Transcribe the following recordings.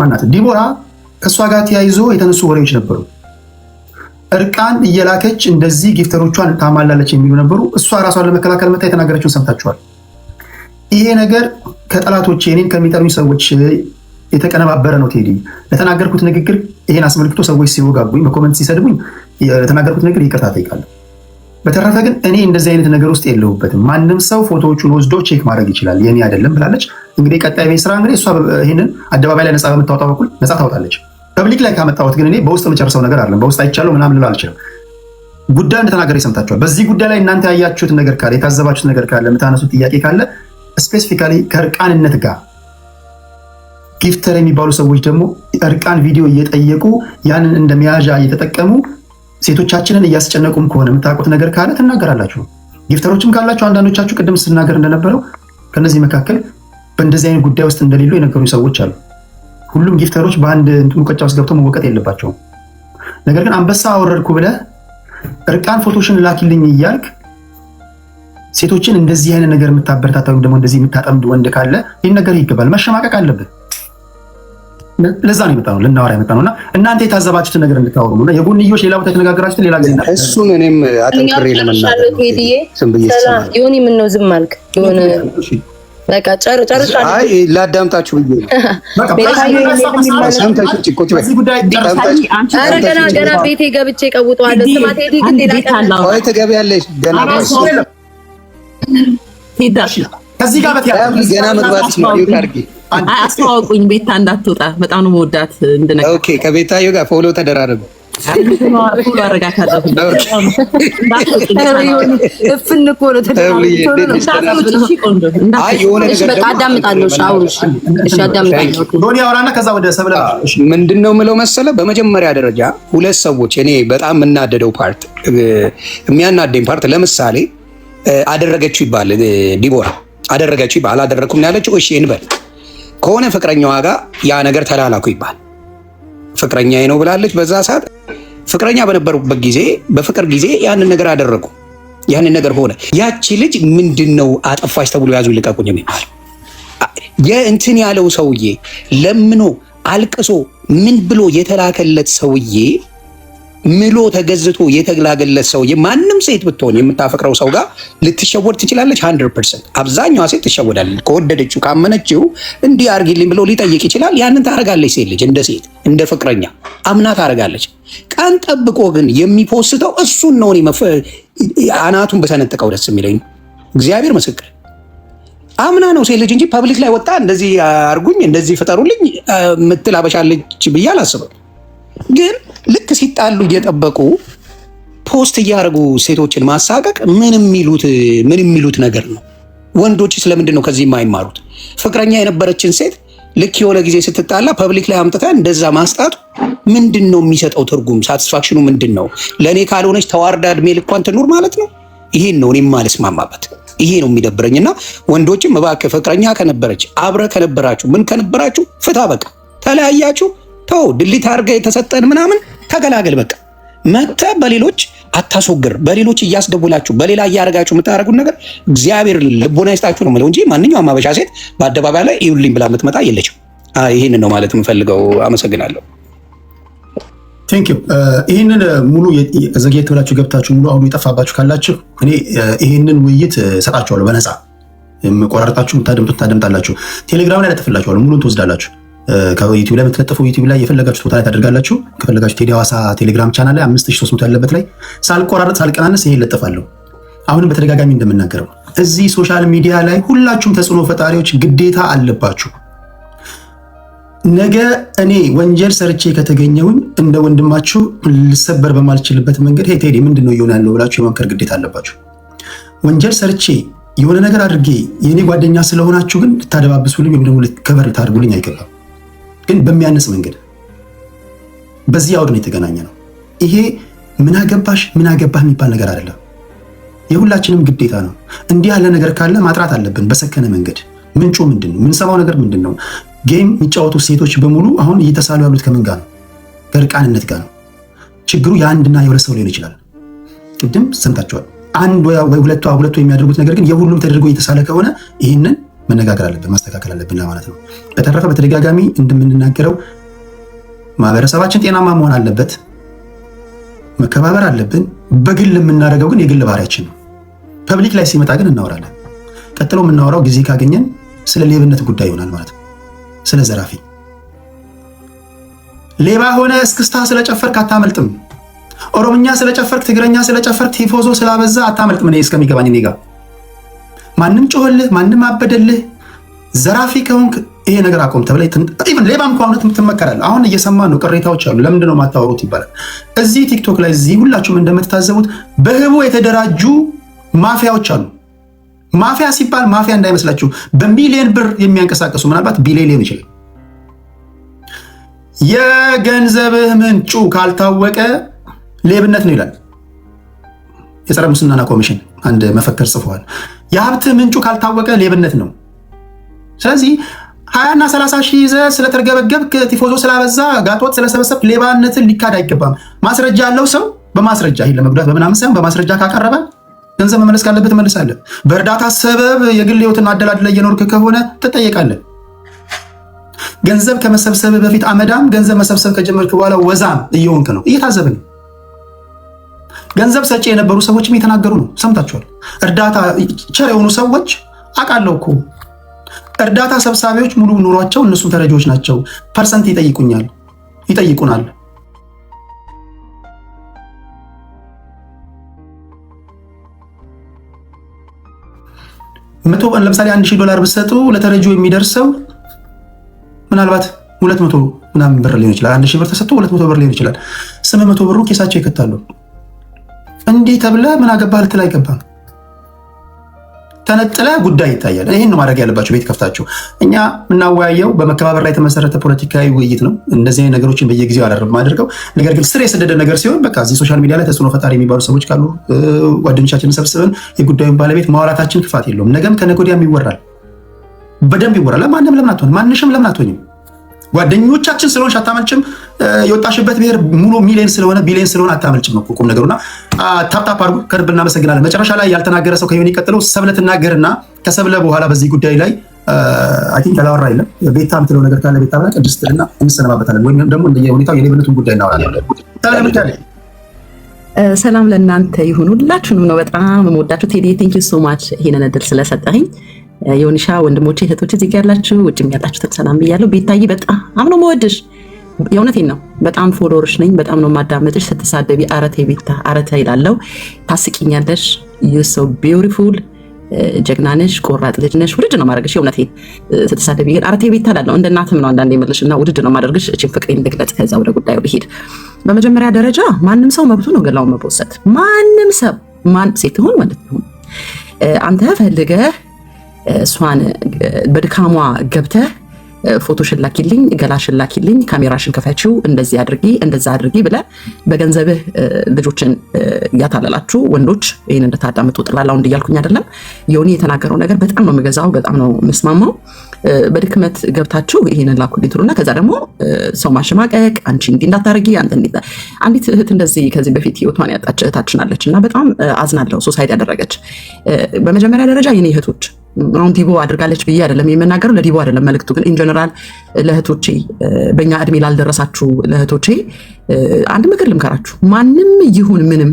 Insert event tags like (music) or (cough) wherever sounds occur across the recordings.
ማናት ዲቦራ ከእሷ ጋር ተያይዞ የተነሱ ወሬዎች ነበሩ። እርቃን እየላከች እንደዚህ ጊፍተሮቿን ታማላለች የሚሉ ነበሩ። እሷ ራሷን ለመከላከል መታ የተናገረችውን ሰምታችኋል። ይሄ ነገር ከጠላቶች እኔን ከሚጠሉኝ ሰዎች የተቀነባበረ ነው። ቴዲ ለተናገርኩት ንግግር ይሄን አስመልክቶ ሰዎች ሲወጋጉኝ፣ በኮመንት ሲሰድቡኝ ለተናገርኩት ንግግር ይቅርታ ጠይቃለሁ። በተረፈ ግን እኔ እንደዚህ አይነት ነገር ውስጥ የለሁበትም። ማንም ሰው ፎቶዎቹን ወስዶ ቼክ ማድረግ ይችላል፣ የኔ አይደለም ብላለች። እንግዲህ ቀጣይ ቤት ስራ እንግዲህ እሷ ይህንን አደባባይ ላይ ነፃ በምታወጣ በኩል ነፃ ታወጣለች። ፐብሊክ ላይ ካመጣሁት ግን እኔ በውስጥ የምጨርሰው ነገር አለ። በውስጥ አይቻለሁ ምናምን ልል አልችልም። ጉዳይ እንደተናገረ ይሰምታችኋል። በዚህ ጉዳይ ላይ እናንተ ያያችሁት ነገር ካለ የታዘባችሁት ነገር ካለ የምታነሱት ጥያቄ ካለ ስፔሲፊካሊ ከእርቃንነት ጋር ጊፍተር የሚባሉ ሰዎች ደግሞ እርቃን ቪዲዮ እየጠየቁ ያንን እንደ መያዣ እየተጠቀሙ ሴቶቻችንን እያስጨነቁም ከሆነ የምታውቁት ነገር ካለ ትናገራላችሁ። ጊፍተሮችም ካላችሁ አንዳንዶቻችሁ ቅድም ስናገር እንደነበረው ከነዚህ መካከል በእንደዚህ አይነት ጉዳይ ውስጥ እንደሌሉ የነገሩ ሰዎች አሉ። ሁሉም ጊፍተሮች በአንድ ሙቀጫ ውስጥ ገብተው መወቀጥ የለባቸውም። ነገር ግን አንበሳ አወረድኩ ብለህ እርቃን ፎቶሽን ላኪልኝ እያልክ ሴቶችን እንደዚህ አይነት ነገር የምታበረታታ ወይም ደግሞ እንደዚህ የምታጠምድ ወንድ ካለ ይህን ነገር ይገባል፣ መሸማቀቅ አለብህ። ለዛ ነው የመጣነው፣ ልናወራ የመጣነው እና እናንተ የታዘባችሁትን ነገር እንድታወሩ ነው። የጎንዮሽ ሌላ ቦታ የተነጋገራችሁትን ሌላ ጊዜ እሱን እኔም አጠንክሬ ነው ዝም አልክ? የሆነ ላዳምጣችሁ ገና ቤቴ ገብቼ ቀውጠዋለሁ። ትገቢያለሽ ገና ከዚህ ጋር በተያያዘ ገና መግባት ነው አስተዋውቁኝ። ቤታ እንዳትወጣ በጣም ነው መወዳት። እንድነካ ኦኬ። ከቤታዬ ጋር ፎሎ ተደራረቡ። ምንድነው የምለው መሰለ፣ በመጀመሪያ ደረጃ ሁለት ሰዎች እኔ በጣም የምናደደው ፓርት የሚያናደኝ ፓርት ለምሳሌ አደረገችው ይባል ዲቦራ አደረገችው ይባል አላደረግኩም ያለችው እሺ እንበል ከሆነ ፍቅረኛዋ ጋር ያ ነገር ተላላኩ ይባል። ፍቅረኛዬ ነው ብላለች። በዛ ሰዓት ፍቅረኛ በነበሩበት ጊዜ በፍቅር ጊዜ ያንን ነገር አደረጉ። ያንን ነገር ሆነ። ያቺ ልጅ ምንድን ነው አጠፋች ተብሎ ያዙ ይልቀቁኝ የሚባል የእንትን ያለው ሰውዬ ለምኖ አልቅሶ ምን ብሎ የተላከለት ሰውዬ ምሎ ተገዝቶ የተግላገለ ሰው ማንም ሴት ብትሆን የምታፈቅረው ሰው ጋር ልትሸወድ ትችላለች። ሀንድርድ ፐርሰንት አብዛኛዋ ሴት ትሸወዳለች። ከወደደችው ካመነችው እንዲህ አርጊልኝ ብሎ ሊጠይቅ ይችላል። ያንን ታደርጋለች። ሴት ልጅ እንደ ሴት እንደ ፍቅረኛ አምና ታደርጋለች። ቀን ጠብቆ ግን የሚፖስተው እሱን ነው። አናቱን በሰነጥቀው ደስ የሚለኝ እግዚአብሔር ምስክር አምና ነው ሴት ልጅ እንጂ ፐብሊክ ላይ ወጣ እንደዚህ አርጉኝ እንደዚህ ፍጠሩልኝ ምትል አበሻለች ብዬ አላስብም። ግን ልክ ሲጣሉ እየጠበቁ ፖስት እያደረጉ ሴቶችን ማሳቀቅ ምን የሚሉት ምን የሚሉት ነገር ነው? ወንዶች ስለምንድን ነው ከዚህ የማይማሩት? ፍቅረኛ የነበረችን ሴት ልክ የሆነ ጊዜ ስትጣላ ፐብሊክ ላይ አምጥታ እንደዛ ማስጣቱ ምንድን ነው የሚሰጠው ትርጉም? ሳቲስፋክሽኑ ምንድን ነው? ለእኔ ካልሆነች ተዋርዳ እድሜ ልኳን ትኑር ማለት ነው። ይሄን ነው እኔም አልስማማበት። ይሄ ነው የሚደብረኝ። እና ወንዶችም እባክህ ፍቅረኛ ከነበረች አብረ ከነበራችሁ ምን ከነበራችሁ ፍታ፣ በቃ ተለያያችሁ ተው፣ ድሊት አርገ የተሰጠን ምናምን ተገላገል በቃ መተ በሌሎች አታስወግር። በሌሎች እያስደውላችሁ በሌላ እያደረጋችሁ የምታደርጉት ነገር እግዚአብሔር ልቦና ይስጣችሁ ነው የምለው እንጂ ማንኛውም አበሻ ሴት በአደባባይ ላይ ይሁልኝ ብላ የምትመጣ የለችም። ይህንን ነው ማለት የምፈልገው። አመሰግናለሁ። ቴንክ ዩ። ይህንን ሙሉ ዘግየት ብላችሁ ገብታችሁ ሙሉ አሁኑ የጠፋባችሁ ካላችሁ እኔ ይህንን ውይይት ሰጣችኋለሁ በነፃ ቆራርጣችሁ ታደምጡ ታደምጣላችሁ። ቴሌግራም ላይ ለጥፍላችኋለሁ። ሙሉን ትወስዳላችሁ። ከዩቲዩብ ላይ የምትለጠፉ ዩቲዩብ ላይ የፈለጋችሁ ቦታ ላይ ታደርጋላችሁ። ከፈለጋችሁ ቴዲ ሐዋሳ ቴሌግራም ቻናል ላይ አምስት ሺህ ሦስት መቶ ያለበት ላይ ሳልቆራረጥ ሳልቀናነስ ይሄ ይለጠፋለሁ። አሁንም በተደጋጋሚ እንደምናገረው እዚህ ሶሻል ሚዲያ ላይ ሁላችሁም ተጽዕኖ ፈጣሪዎች ግዴታ አለባችሁ። ነገ እኔ ወንጀል ሰርቼ ከተገኘውን እንደ ወንድማችሁ ልሰበር በማልችልበት መንገድ ሄ ቴዲ ምንድን ነው እየሆነ ያለው ብላችሁ የመምከር ግዴታ አለባችሁ። ወንጀል ሰርቼ የሆነ ነገር አድርጌ የእኔ ጓደኛ ስለሆናችሁ ግን ልታደባብሱልኝ ወይም ደግሞ ልታደርጉልኝ አይገባም። ግን በሚያነስ መንገድ በዚህ አውድ ነው የተገናኘ ነው። ይሄ ምን አገባሽ ምን አገባህ የሚባል ነገር አይደለም። የሁላችንም ግዴታ ነው። እንዲህ ያለ ነገር ካለ ማጥራት አለብን በሰከነ መንገድ። ምንጩ ምንድን ነው? የምንሰማው ነገር ምንድን ነው? ጌም የሚጫወቱ ሴቶች በሙሉ አሁን እየተሳሉ ያሉት ከምን ጋር ነው? ከእርቃንነት ጋር ነው። ችግሩ የአንድና የሁለት ሰው ሊሆን ይችላል። ቅድም ሰምታችኋል። አንድ ወይ ሁለቱ የሚያደርጉት ነገር ግን የሁሉም ተደርጎ እየተሳለ ከሆነ ይህንን መነጋገር አለብን፣ ማስተካከል አለብን ለማለት ነው። በተረፈ በተደጋጋሚ እንደምንናገረው ማህበረሰባችን ጤናማ መሆን አለበት፣ መከባበር አለብን። በግል የምናደርገው ግን የግል ባህሪያችን ነው። ፐብሊክ ላይ ሲመጣ ግን እናወራለን። ቀጥሎ የምናወራው ጊዜ ካገኘን ስለ ሌብነት ጉዳይ ይሆናል ማለት ነው። ስለ ዘራፊ ሌባ ሆነ እስክስታ ስለጨፈርክ አታመልጥም። ኦሮምኛ ስለጨፈርክ፣ ትግረኛ ስለጨፈርክ፣ ቲፎዞ ስላበዛ አታመልጥም። እኔ እስከሚገባኝ እኔ ጋር ማንም ጮኸልህ፣ ማንም አበደልህ። ዘራፊ ከሆንክ ይሄ ነገር አቆም ተብለ ኢቭን ሌባም ከሆነ ትመከራለህ። አሁን እየሰማ ነው፣ ቅሬታዎች አሉ። ለምንድን ነው ማታወሩት ይባላል። እዚህ ቲክቶክ ላይ እዚህ ሁላችሁም እንደምትታዘቡት በህቡ የተደራጁ ማፊያዎች አሉ። ማፊያ ሲባል ማፊያ እንዳይመስላችሁ በሚሊዮን ብር የሚያንቀሳቀሱ ምናልባት ቢሊዮን ሊሆን ይችላል። የገንዘብህ ምንጩ ካልታወቀ ሌብነት ነው ይላል የጸረ ሙስናና ኮሚሽን አንድ መፈክር ጽፈዋል። የሀብት ምንጩ ካልታወቀ ሌብነት ነው። ስለዚህ ሀያና ሰላሳ ሺህ ይዘህ ስለተርገበገብክ ቲፎዞ ስላበዛ ጋጦት ስለሰበሰብ ሌባነትን ሊካድ አይገባም። ማስረጃ ያለው ሰው በማስረጃ ይሄን ለመጉዳት በምናምን ሳይሆን በማስረጃ ካቀረበ ገንዘብ መመለስ ካለበት ትመልሳለህ። በእርዳታ ሰበብ የግል ህይወትን አደላድለ እየኖርክ ከሆነ ትጠየቃለህ። ገንዘብ ከመሰብሰብ በፊት አመዳም፣ ገንዘብ መሰብሰብ ከጀመርክ በኋላ ወዛም እየሆንክ ነው። እየታዘብን ገንዘብ ሰጪ የነበሩ ሰዎችም የተናገሩ ነው። ሰምታችኋል። እርዳታ ቸር የሆኑ ሰዎች አውቃለሁ እኮ እርዳታ ሰብሳቢዎች ሙሉ ኑሯቸው እነሱም ተረጂዎች ናቸው። ፐርሰንት ይጠይቁኛል ይጠይቁናል። መቶ ለምሳሌ አንድ ሺህ ዶላር ብትሰጡ ለተረጂው የሚደርሰው ምናልባት ሁለት መቶ ምናምን ብር ሊሆን ይችላል። አንድ ሺህ ብር ተሰጥቶ ሁለት መቶ ብር ሊሆን ይችላል። ስምንት መቶ ብሩ ኬሳቸው ይከታሉ። እንዲህ ተብለ ምን አገባህ ልትል አይገባም። ተነጥለ ጉዳይ ይታያል። ይህን ነው ማድረግ ያለባቸው። ቤት ከፍታቸው እኛ የምናወያየው በመከባበር ላይ የተመሰረተ ፖለቲካዊ ውይይት ነው። እንደዚህ ነገሮችን በየጊዜው አላረብ ማድርገው። ነገር ግን ስር የሰደደ ነገር ሲሆን በቃ እዚህ ሶሻል ሚዲያ ላይ ተጽዕኖ ፈጣሪ የሚባሉ ሰዎች ካሉ ጓደኞቻችንን ሰብስበን የጉዳዩን ባለቤት ማውራታችን ክፋት የለውም። ነገም ከነገ ወዲያም ይወራል፣ በደንብ ይወራል። ለማንም ለምን አትሆንም? ማንሽም ለምን አትሆኝም? ጓደኞቻችን ስለሆንሽ አታመልጭም። የወጣሽበት ብሔር ሙሉ ሚሊዮን ስለሆነ ቢሊዮን ስለሆነ አታመልጭም እኮ ቁም ነገሩና፣ ታፕታፕ አድርጉ። ከልብ እናመሰግናለን። መጨረሻ ላይ ያልተናገረ ሰው ከሆነ ይቀጥለው። ሰብለ ትናገርና ከሰብለ በኋላ በዚህ ጉዳይ ላይ አይ ቲንክ ያላወራ የለም። ቤታ የምትለው ነገር ካለ ቤታ ብላ ቅድስት ትልና እንሰነባበታለን፣ ወይም ደግሞ ሁኔታው የሌብነቱን ጉዳይ እናወራለን። ሰላም ለእናንተ ይሁን። ሁላችሁንም ነው በጣም የምወዳችሁ። ቴዲ ቴንክ ዩ ሶ ማች ይሄንን እድል ስለሰጠኝ የሆንሻ ወንድሞቼ እህቶች፣ እዚህ ጋር ያላችሁ ውጭ ያላችሁ ሰላም ብያለሁ። ቤታዬ በጣም ነው የምወድሽ የእውነቴን ነው። በጣም ፎሎወርሽ ነኝ። በጣም ነው ማዳመጥሽ። ስትሳደቢ አረተ ቤታ አረተ ይላለው። ታስቂኛለሽ። ዩ ሶ ቢውቲፉል ጀግና ቆራጥ ልጅ ነሽ። ውድድ ነው ማድረግሽ። የእውነቴን ስትሳደቢ ግን አረተ ቤታ ላለው እንደ እናትም ነው አንዳንዴ የምልሽ እና ውድድ ነው ማድረግሽ። እችን ፍቅሬን ልግለጽ፣ ከዛ ወደ ጉዳዩ ልሂድ። በመጀመሪያ ደረጃ ማንም ሰው መብቱ ነው ገላውን መቦሰት። ማንም ሰው ሴት ሆን ማለት ነው አንተ ፈልገህ እሷን በድካሟ ገብተህ ፎቶሽን ላኪልኝ፣ ገላሽን ላኪልኝ፣ ካሜራሽን ክፈቺው፣ እንደዚህ አድርጊ፣ እንደዛ አድርጊ ብለ በገንዘብህ ልጆችን እያታለላችሁ ወንዶች ይህን እንድታዳምጡ ጥላላውንድ እንድያልኩኝ አይደለም። የሆነ የተናገረው ነገር በጣም ነው የሚገዛው፣ በጣም ነው የምስማማው። በድክመት ገብታችሁ ይህንን ላኩልኝ ትሉና ከዛ ደግሞ ሰው ማሸማቀቅ፣ አንቺ እንዲህ እንዳታደርጊ፣ አንዲት እህት እንደዚህ ከዚህ በፊት ህይወቷን ያጣች እህታችን አለች እና በጣም አዝናለሁ። ሶሳይድ ያደረገች በመጀመሪያ ደረጃ የኔ እህቶች አሁን ዲቦ አድርጋለች ብዬ አይደለም የምናገሩ ለዲቦ አይደለም መልክቱ ግን ኢንጀነራል ለእህቶቼ፣ በእኛ እድሜ ላልደረሳችሁ ለእህቶቼ አንድ ምክር ልምከራችሁ። ማንም ይሁን ምንም፣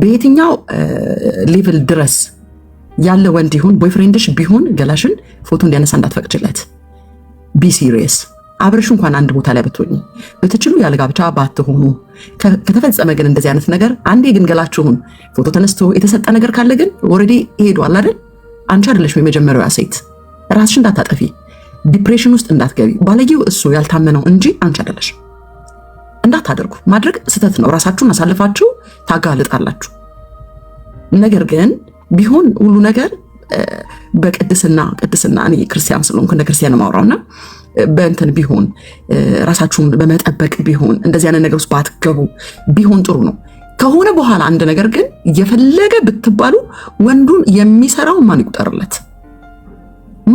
በየትኛው ሌቭል ድረስ ያለ ወንድ ይሁን ቦይፍሬንድሽ ቢሆን ገላሽን ፎቶ እንዲያነሳ እንዳትፈቅጅለት። ቢ ሲሪየስ አብረሽ እንኳን አንድ ቦታ ላይ ብትሆኝ ብትችሉ ያለ ጋብቻ ባትሆኑ፣ ከተፈጸመ ግን እንደዚህ አይነት ነገር አንዴ ግን ገላችሁን ፎቶ ተነስቶ የተሰጠ ነገር ካለ ግን ኦልሬዲ ይሄዷል አይደል አንቺ አይደለሽም የመጀመሪያዋ ሴት። ራስሽ እንዳታጠፊ፣ ዲፕሬሽን ውስጥ እንዳትገቢ፣ ባለጌው እሱ ያልታመነው እንጂ አንቺ አይደለሽም። እንዳታደርጉ ማድረግ ስህተት ነው። ራሳችሁን አሳልፋችሁ ታጋልጣላችሁ። ነገር ግን ቢሆን ሁሉ ነገር በቅድስና ቅድስና እኔ ክርስቲያን ስለሆንኩ እንደ ክርስቲያን ማውራውና በእንትን ቢሆን ራሳችሁን በመጠበቅ ቢሆን እንደዚህ አይነት ነገር ውስጥ ባትገቡ ቢሆን ጥሩ ነው። ከሆነ በኋላ አንድ ነገር ግን እየፈለገ ብትባሉ ወንዱን የሚሰራው ማን ይቁጠርለት?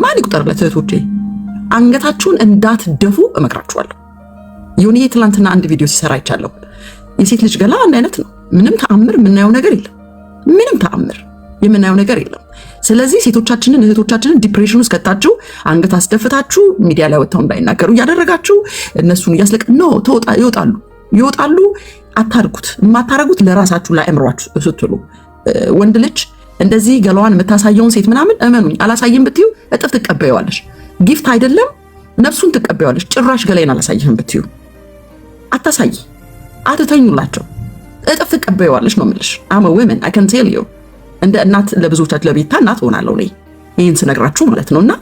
ማን ይቁጠርለት? እህቶቼ አንገታችሁን እንዳትደፉ እመክራችኋለሁ። የሆነ ትላንትና አንድ ቪዲዮ ሲሰራ ይቻለሁ። የሴት ልጅ ገላ አንድ አይነት ነው። ምንም ተአምር የምናየው ነገር የለም። ምንም ተአምር የምናየው ነገር የለም። ስለዚህ ሴቶቻችንን እህቶቻችንን ዲፕሬሽን ውስጥ ከታችሁ አንገት አስደፍታችሁ ሚዲያ ላይ ወጥተው እንዳይናገሩ እያደረጋችሁ እነሱን እያስለቀ ኖ ይወጣሉ ይወጣሉ አታርጉት። የማታረጉት ለራሳችሁ ለአእምሯችሁ ስትሉ ወንድ ልጅ እንደዚህ ገላዋን የምታሳየውን ሴት ምናምን እመኑኝ አላሳይም ብትዩ እጥፍ ትቀበየዋለሽ። ጊፍት አይደለም ነፍሱን ትቀበየዋለሽ። ጭራሽ ገላይን አላሳይህም ብትዩ አታሳይ፣ አትተኙላቸው፣ እጥፍ ትቀበየዋለሽ ነው የምልሽ። አመ ወመን ቴል ዩ እንደ እናት ለብዙዎቻችሁ ለቤታ እናት ሆናለሁ እኔ ይህን ስነግራችሁ ማለት ነው። እና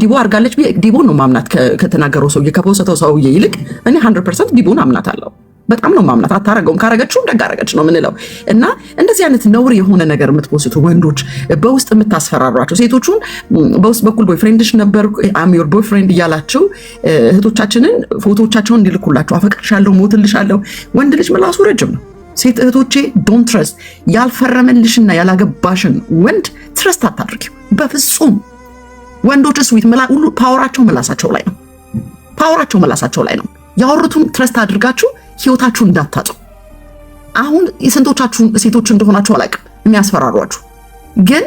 ዲቦ አድርጋለች ዲቦ ነው ማምናት ከተናገረው ሰውዬ ከፖሰተው ሰውዬ ይልቅ እኔ 100 ዲቦን አምናት አለው። በጣም ነው ማምናት። አታረገውም፣ ካረገችው እንደጋረገች ነው ምንለው። እና እንደዚህ አይነት ነውር የሆነ ነገር የምትፖስቱ ወንዶች በውስጥ የምታስፈራሯቸው ሴቶቹን በውስጥ በኩል ቦይፍሬንድሽ ነበር አም ቦይፍሬንድ እያላቸው እህቶቻችንን ፎቶቻቸውን እንዲልኩላቸው አፈቅርሻለሁ፣ ሞትልሻለሁ። ወንድ ልጅ ምላሱ ረጅም ነው። ሴት እህቶቼ ዶን ትረስት ያልፈረመልሽና ያላገባሽን ወንድ ትረስት አታድርጊው በፍጹም። ወንዶች ስዊት ሁሉ ፓወራቸው ምላሳቸው ላይ ነው። ፓወራቸው ምላሳቸው ላይ ነው። ያወሩትን ትረስት አድርጋችሁ ህይወታችሁን እንዳታጡ። አሁን የስንቶቻችሁን ሴቶች እንደሆናችሁ አላውቅም የሚያስፈራሯችሁ ግን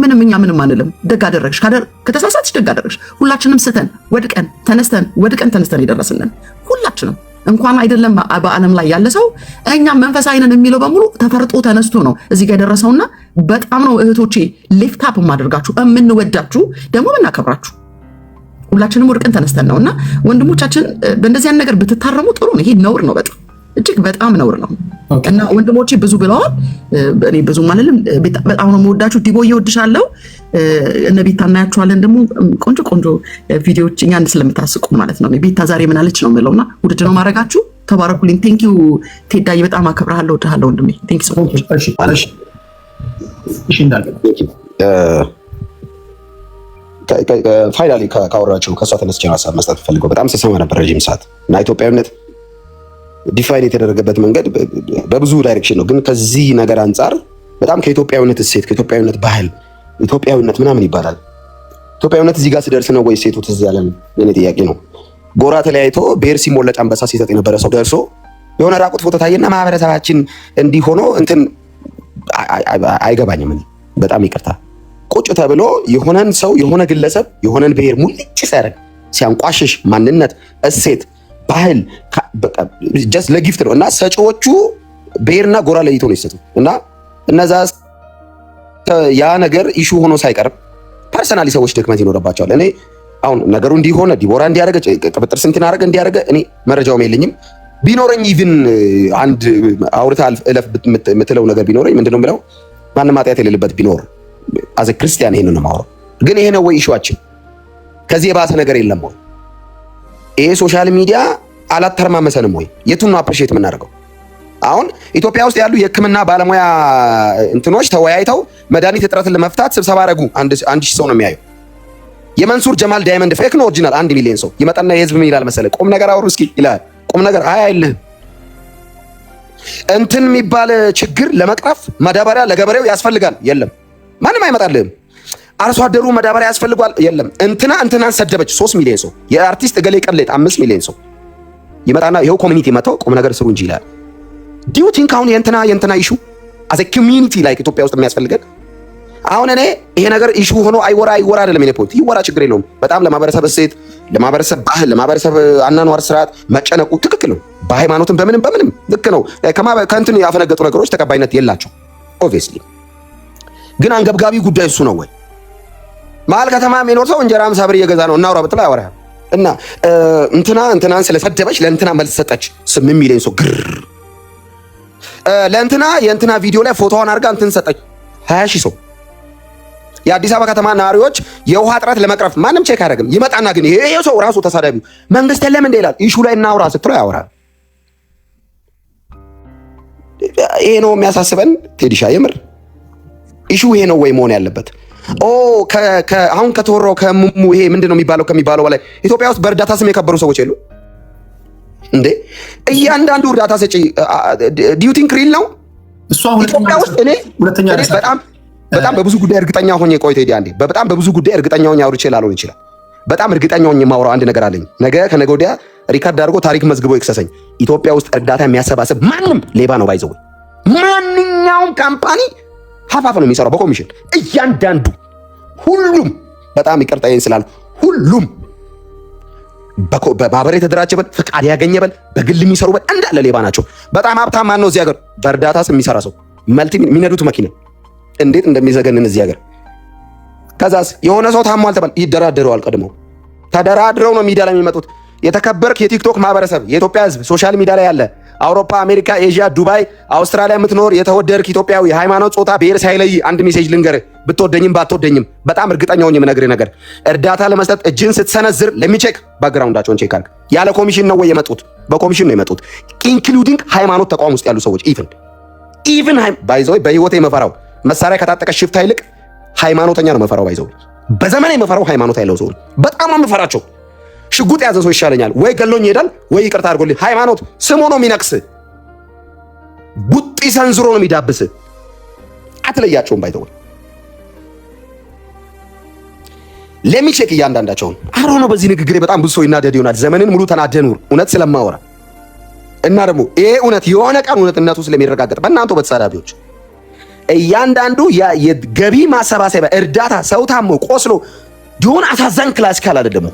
ምንም እኛ ምንም አንልም። ደግ አደረግሽ ከተሳሳትሽ፣ ደግ አደረግሽ። ሁላችንም ስተን ወድቀን ተነስተን ወድቀን ተነስተን የደረስንን ሁላችንም እንኳን አይደለም በዓለም ላይ ያለ ሰው እኛ መንፈሳዊነን የሚለው በሙሉ ተፈርጦ ተነስቶ ነው እዚህ ጋር የደረሰውና በጣም ነው እህቶቼ ሊፍታፕ የማደርጋችሁ የምንወዳችሁ ደግሞ ምናከብራችሁ ሁላችንም ወድቀን ተነስተን ነው እና ወንድሞቻችን በእንደዚያን ነገር ብትታረሙ ጥሩ ነው። ይሄ ነውር ነው፣ በጣም እጅግ በጣም ነውር ነው እና ወንድሞቼ ብዙ ብለዋል። እኔ ብዙ አልልም። በጣም ነው የምወዳችሁ። ዲቦ እወድሻለሁ። እነ ቤታ እናያችኋለን። ደግሞ ቆንጆ ቆንጆ ቪዲዮዎች እኛን ስለምታስቁ ማለት ነው። ቤታ ዛሬ ምን አለች ነው የምለው እና ውድድ ነው ማድረጋችሁ። ተባረኩልኝ። ዩ ቴዳዬ፣ በጣም አከብረሃለሁ፣ እወድሃለሁ ወንድሜ። ዩ ሶ ማች እሺ ፋይናሊ ካወራቸው ከእሷ ተነስቼ ሀሳብ መስጠት ፈልገው በጣም ስሰማ ነበር ረዥም ሰዓት እና ኢትዮጵያዊነት ዲፋይን የተደረገበት መንገድ በብዙ ዳይሬክሽን ነው። ግን ከዚህ ነገር አንጻር በጣም ከኢትዮጵያዊነት እሴት፣ ከኢትዮጵያዊነት ባህል፣ ኢትዮጵያዊነት ምናምን ይባላል። ኢትዮጵያዊነት እዚህ ጋር ስደርስ ነው ወይ ሴቱ ትዝ ያለን የኔ ጥያቄ ነው። ጎራ ተለያይቶ ብሔር ሲሞለጭ አንበሳ ሲሰጥ የነበረ ሰው ደርሶ የሆነ ራቁት ፎቶ ታየና ማህበረሰባችን እንዲሆኖ እንትን አይገባኝም። በጣም ይቅርታ ቁጭ ተብሎ የሆነን ሰው የሆነ ግለሰብ የሆነን ብሔር ሙልጭ ሲያደርግ ሲያንቋሽሽ ማንነት፣ እሴት፣ ባህል ጀስት ለጊፍት ነው እና ሰጪዎቹ ብሔርና ጎራ ለይቶ ነው ይሰጡ እና እነዛ ያ ነገር ኢሹ ሆኖ ሳይቀርብ ፐርሰናሊ ሰዎች ድክመት ይኖረባቸዋል። እኔ አሁን ነገሩ እንዲሆነ ዲቦራ እንዲያደረገ ቅብጥር ስንትን አደረገ እንዲያደረገ እኔ መረጃውም የለኝም። ቢኖረኝ ኢቭን አንድ አውርታ እለፍ የምትለው ነገር ቢኖረኝ ምንድነው የምለው ማንም ኃጢአት የሌለበት ቢኖር አዘ ክርስቲያን ይሄን ነው የማወራው። ግን ይሄ ነው ወይ ኢሹዋችን? ከዚህ የባሰ ነገር የለም ወይ? ይሄ ሶሻል ሚዲያ አላተረማመሰንም ወይ? የቱን ነው አፕሪሼት የምናደርገው? አሁን ኢትዮጵያ ውስጥ ያሉ የሕክምና ባለሙያ እንትኖች ተወያይተው መድኃኒት እጥረትን ለመፍታት ስብሰባ አደረጉ። አንድ ሺህ ሰው ነው የሚያዩ። የመንሱር ጀማል ዳይመንድ ፌክ ነው ኦሪጂናል? አንድ ሚሊዮን ሰው ይመጣና የህዝብ ምን ይላል መሰለህ? ቁም ነገር አውሩ እስኪ ይላል። ቁም ነገር አይ አይልህም። እንትን የሚባል ችግር ለመቅረፍ ማዳበሪያ ለገበሬው ያስፈልጋል የለም ማንም አይመጣልህም። አርሶ አደሩ መዳበሪያ ያስፈልጓል፣ የለም እንትና እንትናን ሰደበች፣ ሶስት ሚሊዮን ሰው የአርቲስት እገሌ ቀሌጥ አምስት ሚሊዮን ሰው ይመጣና ይኸው ኮሚኒቲ መተው ቁም ነገር ስሩ እንጂ ይላል። ዲዩ ቲንክ አሁን የእንትና የእንትና ኢሹ አዘ ኮሚኒቲ ላይክ ኢትዮጵያ ውስጥ የሚያስፈልገን አሁን እኔ ይሄ ነገር ኢሹ ሆኖ አይወራ አይወራ አይደለም። እኔ ፖይንት ይወራ ችግር የለውም። በጣም ለማህበረሰብ እሴት፣ ለማህበረሰብ ባህል፣ ለማህበረሰብ አናኗር ስርዓት መጨነቁ ትክክል ነው። በሃይማኖትም በምንም በምንም ልክ ነው። ከእንትን ያፈነገጡ ነገሮች ተቀባይነት የላቸው ኦብቪየስሊ ግን አንገብጋቢ ጉዳይ እሱ ነው ወይ? መሀል ከተማ የሚኖር ሰው እንጀራ ምሳ እየገዛ ነው እናውራ ብትለው አያወራህም። እና እንትና እንትናን ስለሰደበች ለእንትና መልስ ሰጠች ስም የሚለኝ ሰው ግር ለእንትና የእንትና ቪዲዮ ላይ ፎቶዋን አድርጋ እንትን ሰጠች ሀያ ሺህ ሰው የአዲስ አበባ ከተማ ነዋሪዎች የውሃ እጥረት ለመቅረፍ ማንም ቼክ አያደርግም። ይመጣና ግን ይሄ ሰው ራሱ ተሳዳቢ መንግስት የለም እንደ ይላል። ኢሹ ላይ እናውራ ስትለው ያወራል። ይሄ ነው የሚያሳስበን ቴዲሻ የምር ኢሹ ይሄ ነው ወይ መሆን ያለበት? ኦ አሁን ከተወራው ከሙሙ ይሄ ምንድነው የሚባለው ከሚባለው በላይ ኢትዮጵያ ውስጥ በእርዳታ ስም የከበሩ ሰዎች የሉ እንዴ? እያንዳንዱ እርዳታ ሰጪ ዲዩቲን ክሪል ነው ኢትዮጵያ ውስጥ እኔ በጣም በጣም በብዙ ጉዳይ እርግጠኛ ሆኜ ቆይ ሄዲ አንዴ፣ በጣም በብዙ ጉዳይ እርግጠኛ ሆኜ አውርቼ ላልሆን ይችላል። በጣም እርግጠኛ ሆኜ የማውራው አንድ ነገር አለኝ። ነገ ከነገ ወዲያ ሪካርድ አድርጎ ታሪክ መዝግቦ ይክሰሰኝ። ኢትዮጵያ ውስጥ እርዳታ የሚያሰባስብ ማንም ሌባ ነው ባይዘው ማንኛውም ካምፓኒ ሀፋፍ ነው የሚሰራው በኮሚሽን እያንዳንዱ ሁሉም በጣም ይቅርታ ይህን ስላሉ ሁሉም በማህበር የተደራጀ በል ፍቃድ ያገኘ በል በግል የሚሰሩ በል እንዳለ ሌባ ናቸው። በጣም ሀብታም ማን ነው እዚህ ሀገር? በእርዳታ ስም የሚሰራ ሰው መልቲ የሚነዱት መኪና እንዴት እንደሚዘገንን እዚህ ሀገር። ከዛስ የሆነ ሰው ታሟል ተባል ይደራደረዋል። ቀድመው ተደራድረው ነው ሚዲያ ላይ የሚመጡት። የተከበርክ የቲክቶክ ማህበረሰብ፣ የኢትዮጵያ ህዝብ ሶሻል ሚዲያ ላይ ያለ አውሮፓ፣ አሜሪካ፣ ኤዥያ፣ ዱባይ፣ አውስትራሊያ የምትኖር የተወደድክ ኢትዮጵያዊ ሃይማኖት፣ ጾታ፣ ብሔር ሳይለይ አንድ ሜሴጅ ልንገር። ብትወደኝም ባትወደኝም በጣም እርግጠኛ ሆኜ የምነግርህ ነገር እርዳታ ለመስጠት እጅን ስትሰነዝር ለሚቼክ ባክግራውንዳቸውን ቼክ አድርግ። ያለ ኮሚሽን ነው ወይ የመጡት? በኮሚሽን ነው የመጡት። ኢንክሉዲንግ ሃይማኖት ተቋም ውስጥ ያሉ ሰዎች ኢቭን ኢቭን ባይዘ በህይወት የመፈራው መሳሪያ ከታጠቀ ሽፍታ ይልቅ ሃይማኖተኛ ነው መፈራው። ባይዘ በዘመን የመፈራው ሃይማኖት ያለው ሰው በጣም አምፈራቸው። ሽጉጥ ያዘ ሰው ይሻለኛል፣ ወይ ገሎኝ ይሄዳል፣ ወይ ይቅርታ አድርጎልኝ። ሃይማኖት ስሙ ነው የሚነቅስ፣ ቡጢ ሰንዝሮ ነው የሚዳብስ። አትለያቸውም ባይተው ለሚቼክ እያንዳንዳቸውን አሮ ነው። በዚህ ንግግሬ በጣም ብዙ ሰው ይናደድ ይሆናል። ዘመንን ሙሉ ተናደን እውነት ስለማወራ እና ደግሞ ይሄ እውነት የሆነ ቀን እውነትነቱ ስለሚረጋገጥ በእናንተ በተሳዳቢዎች እያንዳንዱ የገቢ ማሰባሰቢያ እርዳታ ሰው ታሞ ቆስሎ ዲሆን አሳዛኝ ክላሲካል አይደለም።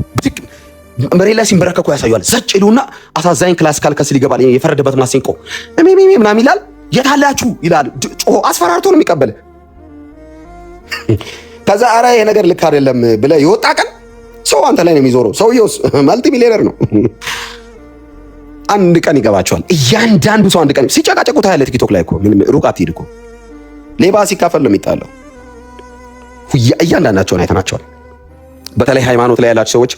መሬት ላይ ሲንበረከኩ ያሳዩዋል። ዘጭ ይሉና አሳዛኝ ክላሲካል ከስ ይገባል። የፈረደበት ማሲንቆ እሚሚሚ ይላል። የታላችሁ ይላል። ጮሆ አስፈራርቶ ነው የሚቀበል። (laughs) ከዛ አረ ይሄ ነገር ልክ አይደለም ብለ የወጣ ቀን ሰው አንተ ላይ ነው የሚዞረው። ሰውየውስ ማልቲ ሚሊዮነር ነው። (laughs) አንድ ቀን ይገባቸዋል። እያንዳንዱ ሰው አንድ ቀን ሲጨቃጨቁ ታያለህ። ቲክቶክ ላይ ምንም ሩቅ አትሂድ እኮ ሌባ ሲካፈል ነው የሚጣለው። እያንዳንዳቸውን አይተናቸዋል። በተለይ ሃይማኖት ላይ ያላችሁ ሰዎች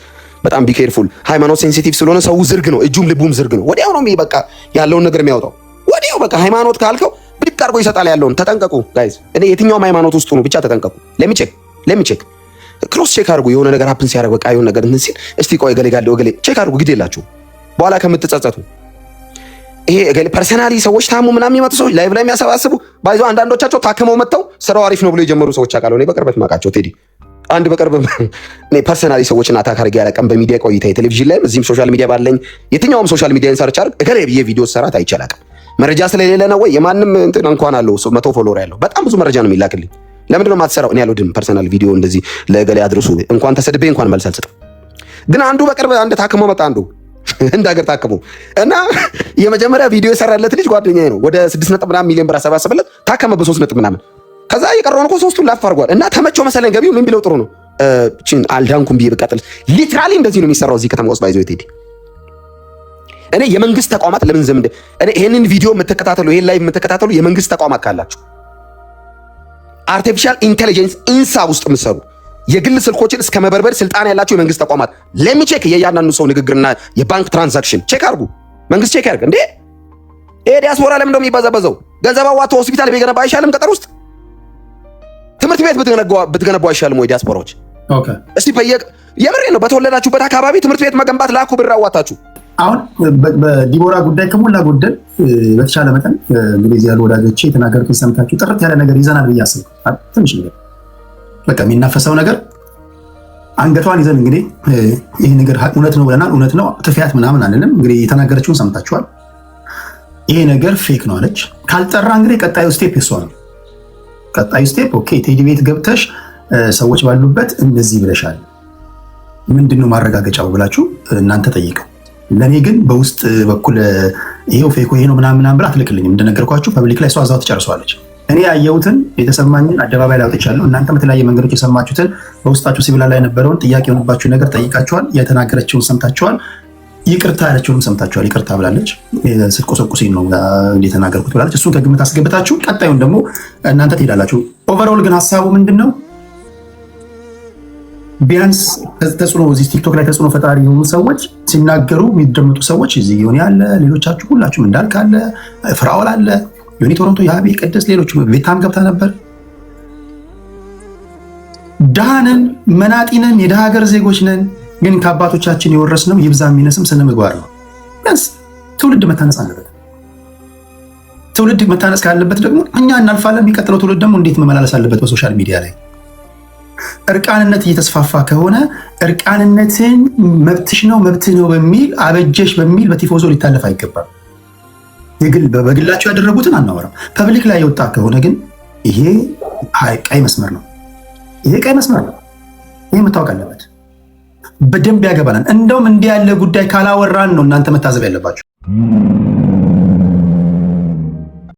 በጣም ቢ ኬርፉል። ሃይማኖት ሴንሲቲቭ ስለሆነ ሰው ዝርግ ነው፣ እጁም ልቡም ዝርግ ነው። ወዲያው ነው በቃ ያለውን ነገር የሚያወጣው። ወዲያው በቃ ሃይማኖት ካልከው ብድቅ አድርጎ ይሰጣል ያለውን። ተጠንቀቁ ጋይዝ። እኔ የትኛውም ሃይማኖት ውስጥ ነው ብቻ ተጠንቀቁ። ለሚቼክ ለሚቼክ ክሮስ ቼክ አድርጉ። የሆነ ነገር ሀፕን ሲያደርግ በቃ የሆነ ነገር እንትን ሲል እስቲ ቆይ እገሌ ጋር እገሌ ቼክ አድርጉ። ግድ የላችሁ በኋላ ከምትጸጸቱ ይሄ እገሌ ፐርሰናሊ ሰዎች ታሙ ምናምን የሚመጡ ሰዎች ላይቭ ላይ የሚያሰባስቡ ባይዞ አንዳንዶቻቸው ታክመው መጥተው ስራው አሪፍ ነው ብሎ የጀመሩ ሰዎች አውቃለሁ እኔ በቅርበት ማውቃቸው ቴዲ አንድ በቅርብ እኔ ፐርሰናሊ ሰዎችን አታክ አድርጌ አላውቅም። በሚዲያ ቆይታ የቴሌቪዥን ላይም እዚህም ሶሻል ሚዲያ ባለኝ የትኛውም ሶሻል ሚዲያ ሰርች አድርግ እከሌ ብዬ ቪዲዮ ሰራት አይቻላቅም። መረጃ ስለሌለ ነው ወይ የማንም እንትን እንኳን አለው መቶ ፎሎወር ያለው በጣም ብዙ መረጃ ነው የሚላክልኝ። ለምንድን ነው የማትሰራው? እኔ አልወድም ፐርሰናል ቪዲዮ እንደዚህ ለእገሌ አድርሱ። እንኳን ተሰድቤ እንኳን መልስ አልሰጥም። ግን አንዱ በቅርብ አንድ ታክሞ መጣ አንዱ (laughs) እንደ ሀገር ታክሞ እና የመጀመሪያ ቪዲዮ የሰራለት ልጅ ጓደኛዬ ነው። ወደ ስድስት ነጥብ ምናምን ሚሊዮን ብር አሰባሰበለት ታከመ በሶስት ነጥብ ምናምን ከዛ የቀረውን እኮ ሶስቱን ላፍ አድርጓል እና ተመቸው መሰለን ገቢው ምን ቢለው ጥሩ ነው። እቺን አልዳንኩም ብዬ ብቀጥል ሊትራሊ እንደዚህ ነው የሚሰራው እዚህ ከተማ ውስጥ ባይዘው ይቴዲ እኔ የመንግስት ተቋማት ለምን ዘምድ እኔ ይሄንን ቪዲዮ የምትከታተሉ ይሄን ላይ የምትከታተሉ የመንግስት ተቋማት ካላችሁ አርቲፊሻል ኢንቴሊጀንስ ኢንሳ ውስጥ የምትሰሩ የግል ስልኮችን እስከ መበርበር ስልጣን ያላቸው የመንግስት ተቋማት ለሚ ቼክ የእያንዳንዱ ሰው ንግግርና የባንክ ትራንዛክሽን ቼክ አድርጉ። መንግስት ቼክ ያርግ እንዴ! ይሄ ዲያስፖራ ለምን እንደሚበዘበዘው ገንዘብ አዋቶ ሆስፒታል ቢገነባ አይሻልም? ገጠር ውስጥ ትምህርት ቤት ብትገነቡ አይሻልም ወይ? ዲያስፖራዎች እስቲ በየቅ የምሬ ነው። በተወለዳችሁበት አካባቢ ትምህርት ቤት መገንባት ላኩ ብር አዋታችሁ። አሁን በዲቦራ ጉዳይ ከሞላ ጎደል በተቻለ መጠን እንግዲህ ያሉ ወዳጆች የተናገሩትን ሰምታችሁ ጥርት ያለ ነገር ይዘናል ብዬ አስብ። ትንሽ ነገር በቃ የሚናፈሰው ነገር አንገቷን ይዘን እንግዲህ ይህ ነገር እውነት ነው ብለናል። እውነት ነው ትፍያት ምናምን አንልም። እንግዲህ የተናገረችውን ሰምታችኋል። ይሄ ነገር ፌክ ነው አለች። ካልጠራ እንግዲህ ቀጣዩ ስቴፕ የሷ ነው። ቀጣዩ ስቴፕ ኦኬ፣ ቴዲ ቤት ገብተሽ ሰዎች ባሉበት እንደዚህ ብለሻል፣ ምንድነው ማረጋገጫው ብላችሁ እናንተ ጠይቀው። ለእኔ ግን በውስጥ በኩል ይሄው ፌክ ይሄ ነው ምናምን ምናምን ብላ አትልክልኝም። እንደነገርኳችሁ ፐብሊክ ላይ እሷ እዛው ትጨርሰዋለች። እኔ ያየሁትን የተሰማኝን አደባባይ ላይ አውጥቻለሁ። እናንተ የተለያየ መንገዶች የሰማችሁትን በውስጣችሁ ሲብላ ላይ የነበረውን ጥያቄ የሆነባችሁ ነገር ጠይቃችኋል። የተናገረችውን ሰምታችኋል። ይቅርታ ያለችውም ሰምታችኋል። ይቅርታ ብላለች። ስትቆሰቁሴን ነው እንደተናገርኩት ብላለች። እሱን ከግምት አስገብታችሁ ቀጣዩን ደግሞ እናንተ ትሄዳላችሁ። ኦቨርኦል ግን ሀሳቡ ምንድን ነው? ቢያንስ ተጽዕኖ እዚህ ቲክቶክ ላይ ተጽዕኖ ፈጣሪ የሆኑ ሰዎች ሲናገሩ የሚደመጡ ሰዎች እዚህ ዮኒ አለ፣ ሌሎቻችሁ ሁላችሁም እንዳልክ አለ፣ ፍራውል አለ፣ ዮኒ ቶሮንቶ፣ የሀቤ ቅድስት፣ ሌሎች ቤታም ገብታ ነበር። ድሃ ነን፣ መናጢ ነን፣ የድሃ ሀገር ዜጎች ነን ግን ከአባቶቻችን የወረስነው ይብዛ የሚነስም ስነ ምግባር ነው። ቢያንስ ትውልድ መታነጽ አለበት። ትውልድ መታነጽ ካለበት ደግሞ እኛ እናልፋለን። የሚቀጥለው ትውልድ ደግሞ እንዴት መመላለስ አለበት በሶሻል ሚዲያ ላይ እርቃንነት እየተስፋፋ ከሆነ እርቃንነትን መብትሽ ነው መብትህ ነው በሚል አበጀሽ በሚል በቲፎዞ ሊታለፍ አይገባም። በግላቸው ያደረጉትን አናወራም። ፐብሊክ ላይ የወጣ ከሆነ ግን ይሄ ቀይ መስመር ነው። ይሄ ቀይ መስመር ነው። ይሄ መታወቅ አለበት። በደንብ ያገባናል። እንደውም እንዲህ ያለ ጉዳይ ካላወራን ነው እናንተ መታዘብ ያለባቸው።